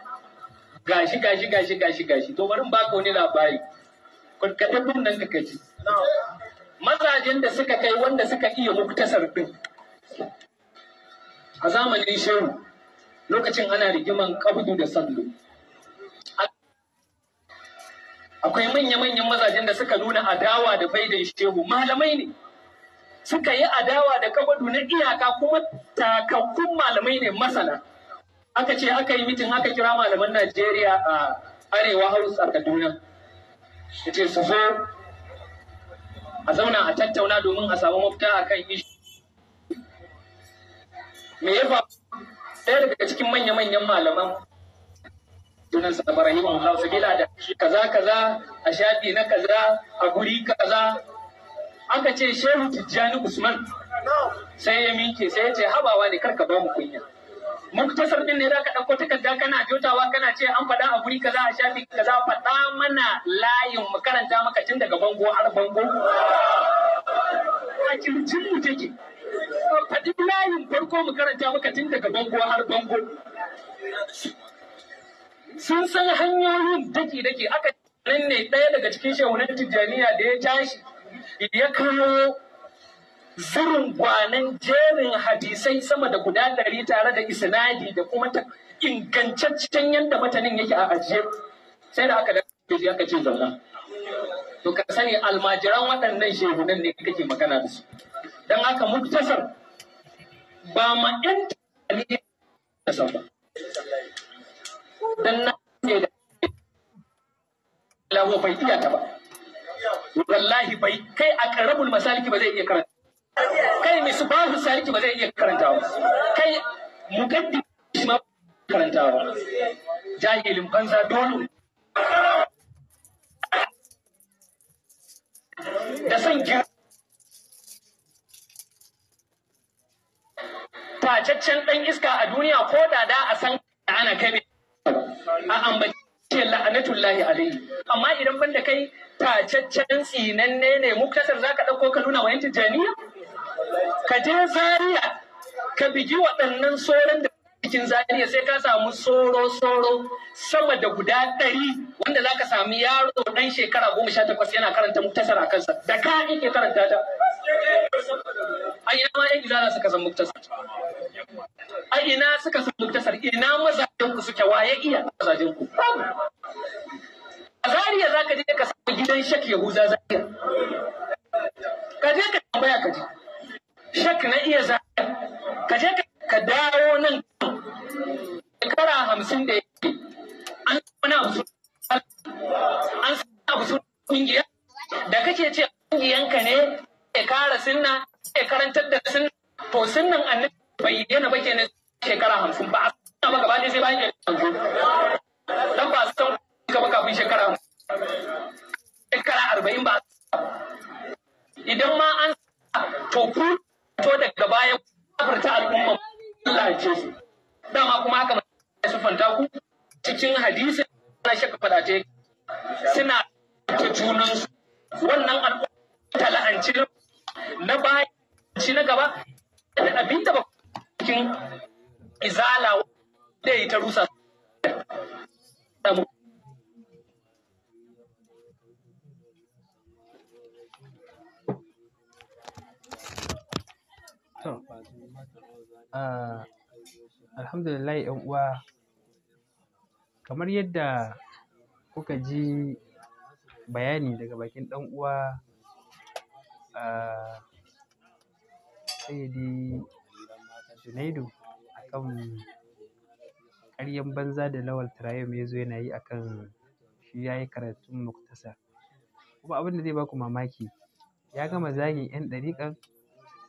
gashi gashi gashi gashi gashi to bari baka wani labari kulkatabin nan ka kaji mazajen da suka kai wanda suka iya muktasar din a zamanin shehu lokacin ana rigiman kabudu da sallu akwai manya-manyan mazajen da suka nuna adawa da baidan shehu malamai ne suka yi adawa da kabadu na iyaka kuma takakkun malamai ne masana aka ce aka yi mitin aka kira malaman najeriya a arewa hausa a kaduna ya ce su zo a zauna a tattauna domin a samu mafita a kan ishi me ya faru ɗaya daga cikin manya-manyan malaman sunan sa rahimahullah sabila da kaza kaza a shafi na kaza a guri kaza aka ce shehu tijjani usman sai ya minke sai ya ce habawa ne karka ba mu kunya muktasar din ne za ka ɗauko takarda kana jotawa kana ce an faɗa a guri kaza a shafi kaza faɗa mana layin mu karanta maka tun daga bango har bango a kirjin mu take faɗi layin farko mu karanta maka tun daga bango har bango sun san hanyoyin daki-daki aka nan ne ɗaya daga cikin shehunan tijjaniya da ya tashi ya kawo zurin gwanan jerin hadisai sama da guda ɗari tare da isnadi da kuma ingancaccen yadda matanin yake a ajiye sai da aka dace, aka ce zauna to ka sani almajiran waɗannan shehunan ne kake magana da su don haka muktasar ba ma 'yan ba dan na ce da lahu bai iya ta ba wallahi bai kai a karabul masaliki ba zai iya karanta kai misbahu saliki ba zai iya karanta ba kai muqaddim ma karanta ba jahilin banza dole da son kira tacaccen ɗan iska a duniya ko da da a san ana kai a ambace la'anatullahi alaihi amma idan ban da kai tacaccen tsinanne ne muktasar zaka dauko ka nuna wa yan tijaniya ka je zariya ka bigi waɗannan soron da cikin zariya sai ka samu soro-soro sama da guda ɗari wanda za ka sami yaro ɗan shekara goma sha takwas yana karanta muktasar a kansa da ka yake karanta ta a ina ma yan gizara suka san muktasar a ina suka san muktasar ina mazajenku suke waye iya mazajenku? a zariya za ka je ka samu gidan shak yahuza zariya ka je ka tambaya ka ji shak na iya zariya ka je ka dawo nan shekara hamsin da yake an wani abu sun an san abu sun kungiya da kake ce kungiyanka ne ya kara sunna ya karantar da sunna to sunnan annabi bai daina ba kenan shekara hamsin ba a suna ba gaba sai bayan shekara hamsin dan ba san ka ba kafin shekara shekara arba'in ba idan ma an sa to ku to daga bayan kafirta al'umma Allah ya ce su dama kuma haka su fanta ku cikin hadisi na shaka fadace suna ta junansu wannan al'umma ta la'anci na baya ci na gaba da abin da ba cikin izala wanda ya rusa alhamdulillah ‘yan uwa, kamar yadda kuka ji bayani daga bakin ɗan uwa uh, Junaidu akan ƙaryan banza da Lawal Trium ya zo yana yi akan shi ya yi karatun Muktasar. Kuma abin da zai baku mamaki, ya gama zagin 'yan ɗariƙan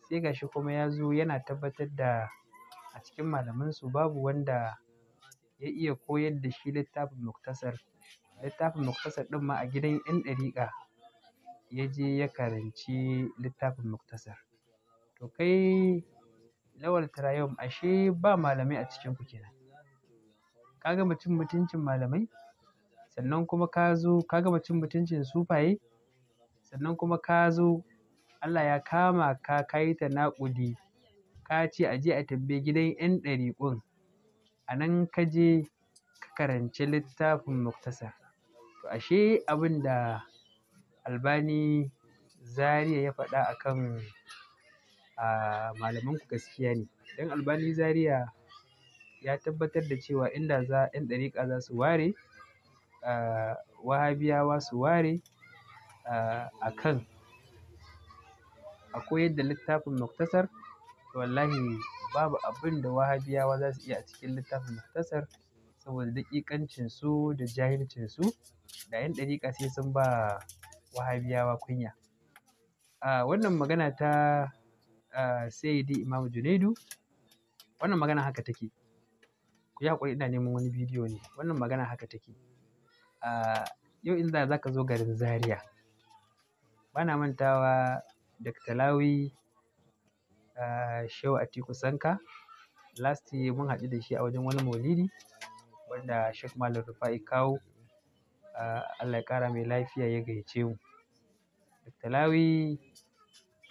sai gashi kuma ya zo yana tabbatar da a cikin malamansu babu wanda ya iya koyar da shi littafin Muktasar. Littafin Muktasar ɗin ma a gidan 'yan ɗariƙa ya je ya karanci littafin Muktasar. To kai Lawal Tirayon ashe ba malamai a cikin ku kenan. Ka gama cin mutuncin malamai, sannan kuma ka zo kaga mutum mutuncin sufaye, sannan kuma ka zo Allah ya kama ka ka ta naƙudi, ka ce a je a tambayi gidan 'yan ɗariƙun. A nan ka je ka karanci littafin Muktasar. To ashe abin da Albani Zaria ya faɗa akan. kan a malaman ku gaskiya ne dan albani zaria ya tabbatar da cewa inda za 'yan za su ware wahabiyawa su ware a kan akwai yadda littafin muktasar wallahi babu abin da wahabiyawa za su iya a cikin littafin muktasar saboda daƙiƙancin su da jahilcin su da yan ɗariƙa sai sun ba wahabiyawa kunya a wannan magana ta Eh, sayyidi imamu junaidu wannan magana haka take ku yi haƙuri ina neman wani bidiyo ne wannan magana haka take eh, yau in za ka zo garin zaria bana mantawa da talawi eh, shehu atiku sanka last mun haɗu da shi a wajen wani maulidi wanda Sheikh Malam Rufa'i kawo Allah ya ƙara mai lafiya ya gayyace mu. Talawi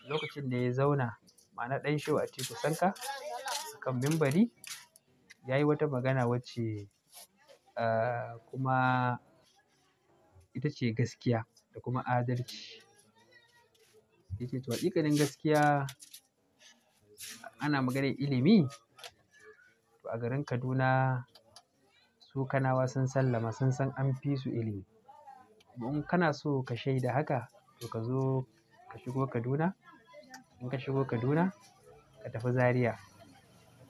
lokacin da ya zauna ma'ana ɗan shehu Atiku Sanka kan mimbari ya yi wata magana wacce ah, kuma ita ce gaskiya da kuma adalci ya ce to hakikanin gaskiya ana maganar ilimi to a garin kaduna su kanawa sun sallama sun san an fi su ilimi in kana so ka shaida haka to ka zo ka shigo kaduna in ka shigo Kaduna ka tafi Zaria.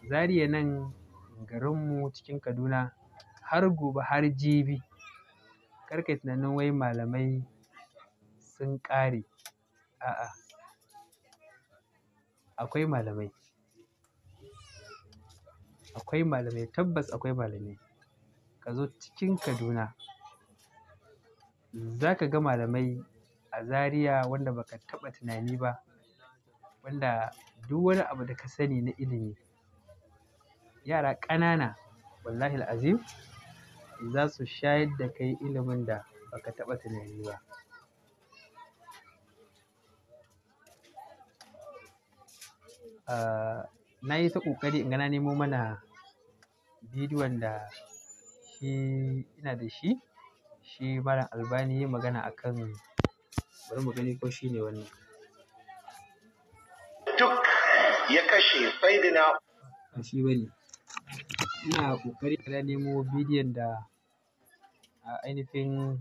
Zaria nan garinmu cikin Kaduna har gobe har jibi kar kai tunanin wai malamai sun ƙare a'a akwai malamai akwai malamai tabbas akwai malamai ka zo cikin Kaduna za ka ga malamai a Zaria wanda ba ka taɓa tunani ba wanda duk wani abu da ka sani na ilimi yara ƙanana wallahi azim za su shayar da kai ilimin da baka taɓa tunani ba ah, na yi ta ƙoƙari in ga na nemo mana bidiyon da shi ina da shi shi mara albani magana akan bari mu gani ko shi ne wannan ya kashe saidina shi bane ina kokari da nemo bidiyon da a ainihin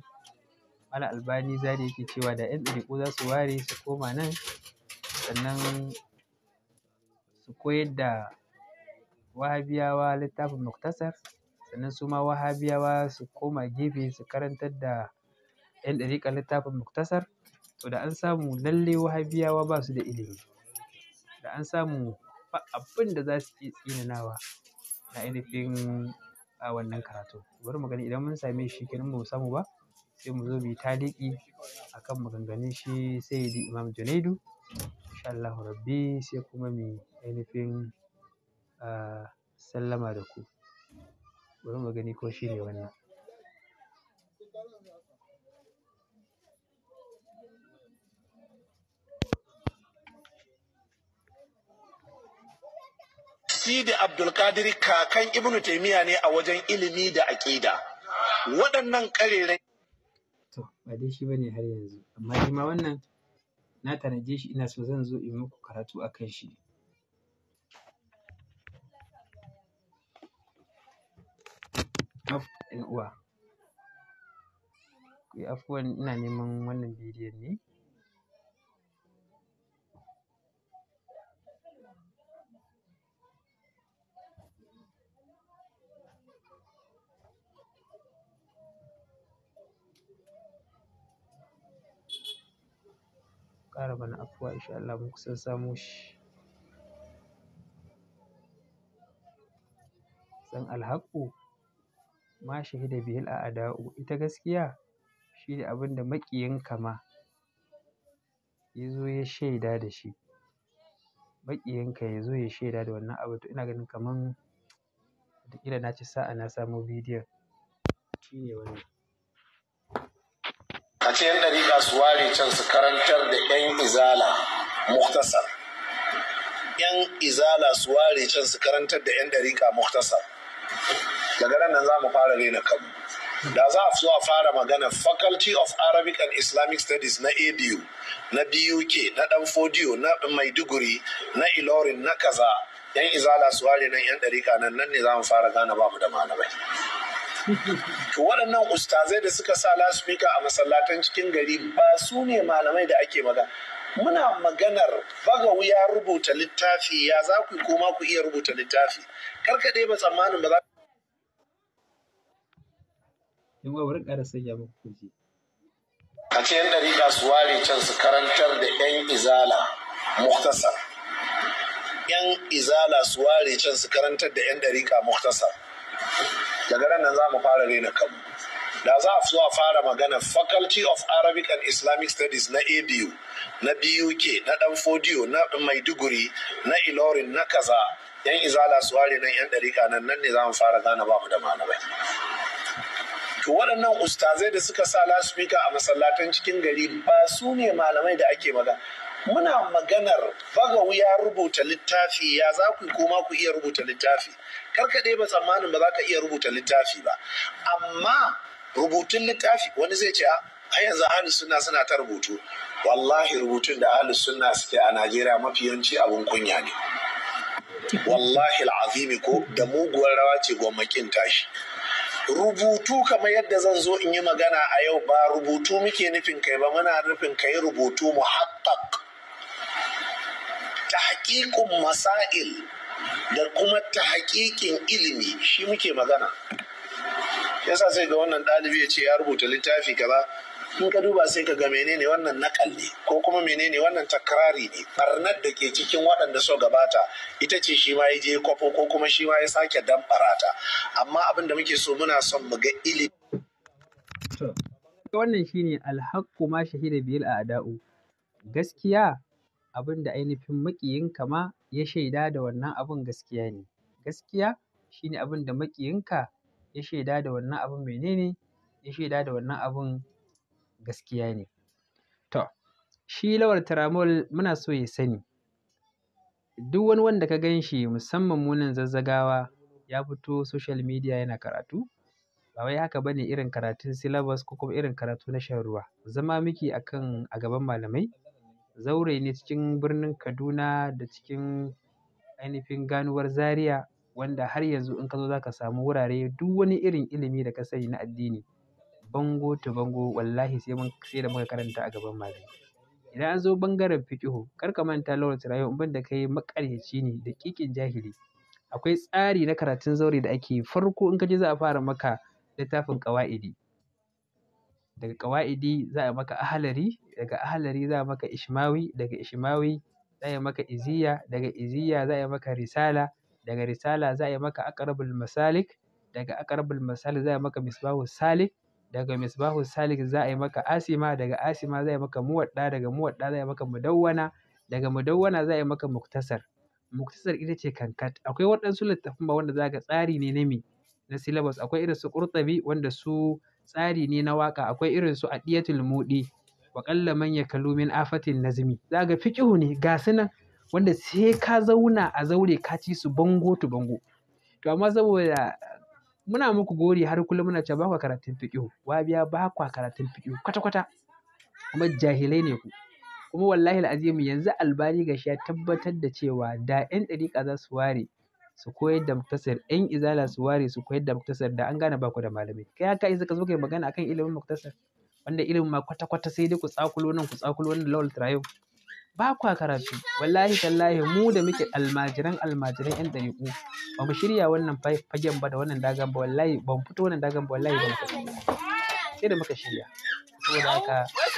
mala albani zari yake cewa da yan ɗariƙo za su ware su koma nan sannan su koyar da wahabiyawa littafin muktasar sannan su ma wahabiyawa su koma gefe su karantar da yan ɗariƙa littafin muktasar to da an samu lalle wahabiyawa ba su da ilimi da an samu ba abin da za su iya tsinanawa na ainihin a wannan karatu. Bari mu gani idan mun same shi kenan ba mu samu ba sai mu zo mu yi taliki akan maganganun shi yi Imam Junaidu insha Allah rabbi sai kuma mu ainihin sallama da ku. Bari mu gani ko shi ne wannan. Sidi Abdulkadir kakan Ibn Taymiya ne a wajen ilimi da aƙida. Waɗannan ƙarerai. To, ba dai shi bane har yanzu, amma shi ma wannan na tanaje shi ina so zan zo in muku karatu akan kan shi. Afuwan uwa. Afuwan ina neman wannan bidiyon ne. ƙara mana afuwa insha Allah mun kusan samo shi. San alhaƙu ma shahida bihil a'da'u ita gaskiya shine abin da maƙiyinka ma ya zo ya shaida da shi. Maƙiyinka ya zo ya shaida da wannan abu to ina ganin kaman wataƙila na ci sa'a na samo bidiyon. Shi ne wannan. a ce yan ɗariƙa su ware can su karantar da yan izala muktasar yan izala su ware can su karantar da yan ɗariƙa muktasar daga nan za mu fara rena kabu da za a so a fara magana faculty of arabic and islamic studies na abu na buk na danfodiyo na maiduguri na ilorin na kaza yan izala su ware nan yan ɗarika nan nan ne za mu fara gane ba mu da malamai waɗannan ustazai da suka sa lasfika a masallatan cikin gari ba su ne malamai da ake magana muna maganar bagawu ya rubuta littafi ya za ku koma ku iya rubuta littafi karkade ba tsammanin ba za in wa wurin ƙara sanya muku ji a ce yan dariƙa su ware can su karantar da yan izala muktasar yan izala su can su karantar da yan dariƙa muktasar daga ran nan za mu fara rena kanmu da za a zuwa fara magana faculty of arabic and islamic studies na abu na buk na dan fodiyo na maiduguri na ilorin na kaza yan izala su nan yan ɗarika nan nan ne za mu fara gane ba da malamai to waɗannan ustazai da suka sa lasfika a masallatan cikin gari ba su ne malamai da ake magana muna maganar bagawu ya rubuta littafi ya za ku koma ku iya rubuta littafi Kar karkade ba tsammanin ba za ka iya rubuta littafi ba amma rubutun littafi wani zai ce a yanzu ahlus sunna suna ta rubutu wallahi rubutun da ahlus sunna suke a najeriya mafi yanci abun kunya ne wallahi al'azimi ko da muguwar rawa ce gwammakin tashi rubutu kamar yadda zan zo in yi magana a yau ba rubutu muke nufin kai ba muna nufin kai rubutu muhaqqaq hakikun masail da kuma ta hakikin ilimi shi muke magana yasa sai ga wannan ɗalibi ya ce ya rubuta littafi kaza in ka duba sai ka ga menene wannan nakal ne ko kuma menene wannan takrari ne barnar da ke cikin waɗanda so gabata ita ce shi ma ya je kwafo ko kuma shi ma ya sake damfara ta amma abin da muke so muna son mu ga ilimi wannan shine alhaqqu ma shahida bil a'da'u gaskiya abin da ainihin makiyin kama ya shaida da wannan abun gaskiya ne. Gaskiya shine abin da maƙiyinka ya shaida da wannan abun menene, ya shaida da wannan abun gaskiya ne. To, shi Lawal tiramol muna so ya sani, duk wani wanda ka gan shi musamman mu nan Zazzagawa ya fito social media yana karatu, ba wai haka ba ne irin karatun syllabus ko kuma irin karatu na shan ruwa. Zama muke a kan a gaban malamai. zaure ne cikin birnin Kaduna da cikin ainihin ganuwar Zariya wanda har yanzu in ka zo za ka samu wurare duk wani irin ilimi da ka sani na addini. Bango to bango wallahi sai mun sai da muka karanta a gaban malami. Idan an zo bangaren fiqihu, kar ka manta Lawal Tirayo in banda kai maƙaryaci ne da kikin jahili. Akwai tsari na karatun zaure da ake yi farko in ka je za a fara maka littafin ƙawa'idi. daga ƙawa'idi za a maka ahalari daga ahalari za a maka ishmawi daga ishmawi za a maka iziya daga iziya za a maka risala daga risala za a maka aqrabul masalik daga aqrabul masalik za a maka misbahu salik daga misbahu salik za a maka asima daga asima za a maka muwadda daga muwadda za a maka mudawwana daga mudawwana za a maka muktasar muktasar ita ce kankat akwai waɗansu littattafan ba wanda za ka tsari ne na me na syllabus akwai irin su qurtubi wanda su tsari ne na waƙa akwai irin su adiyatul mudi wa ƙalla man kalumin afatin nazmi za ga ne ga sunan wanda sai ka zauna a zaure ka ci su bango tu bango to amma saboda muna muku gori har kullum muna cewa ba kwa karatun fiƙihu biya ba kwa karatun fiƙihu kwata kwata kuma jahilai ne ku kuma wallahi al'azim yanzu albani gashi ya tabbatar da cewa da 'yan dariƙa za su ware su koyar da muktasar yan izala su ware su koyar da muktasar da an gane ba ku da malamai kai haka isa ka zo kai magana akan ilimin muktasar wanda ilimin ma kwata kwata sai dai ku tsakulo nan ku tsakulo nan lawal trayo ba a karatu wallahi tallahi mu da muke almajiran almajiran yan dariku ba mu shirya wannan fagen ba da wannan dagan ba wallahi ba fito wannan dagan ba wallahi ba mu sai da muka shirya saboda haka